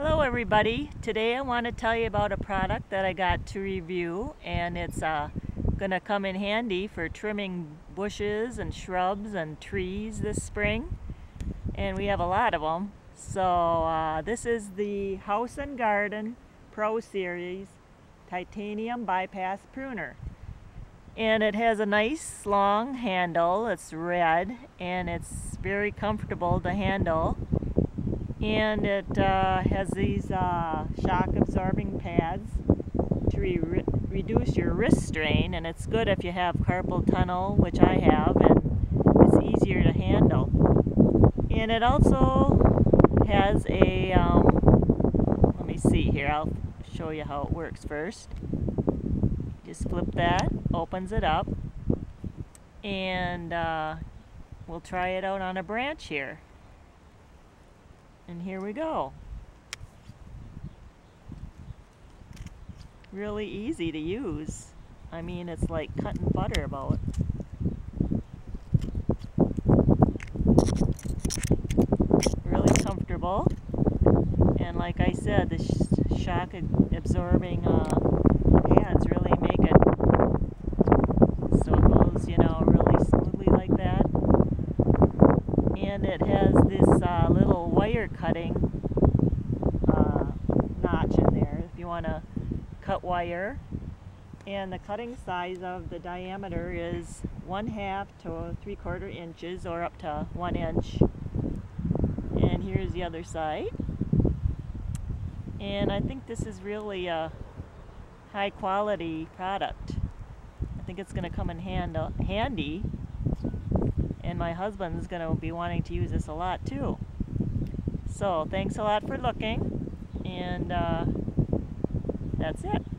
Hello everybody. Today I want to tell you about a product that I got to review and it's uh, going to come in handy for trimming bushes and shrubs and trees this spring. And we have a lot of them. So uh, this is the House and Garden Pro Series Titanium Bypass Pruner. And it has a nice long handle. It's red and it's very comfortable to handle and it uh, has these uh, shock absorbing pads to re reduce your wrist strain and it's good if you have carpal tunnel which I have and it's easier to handle and it also has a um, let me see here I'll show you how it works first just flip that opens it up and uh, we'll try it out on a branch here and here we go. Really easy to use. I mean, it's like cutting butter about. Really comfortable. And like I said, the sh shock absorbing uh, pads really make it so it goes, you know, and it has this uh, little wire cutting uh, notch in there if you want to cut wire and the cutting size of the diameter is one half to three quarter inches or up to one inch and here's the other side and I think this is really a high quality product I think it's going to come in hand, uh, handy and my husband's going to be wanting to use this a lot too. So thanks a lot for looking, and uh, that's it.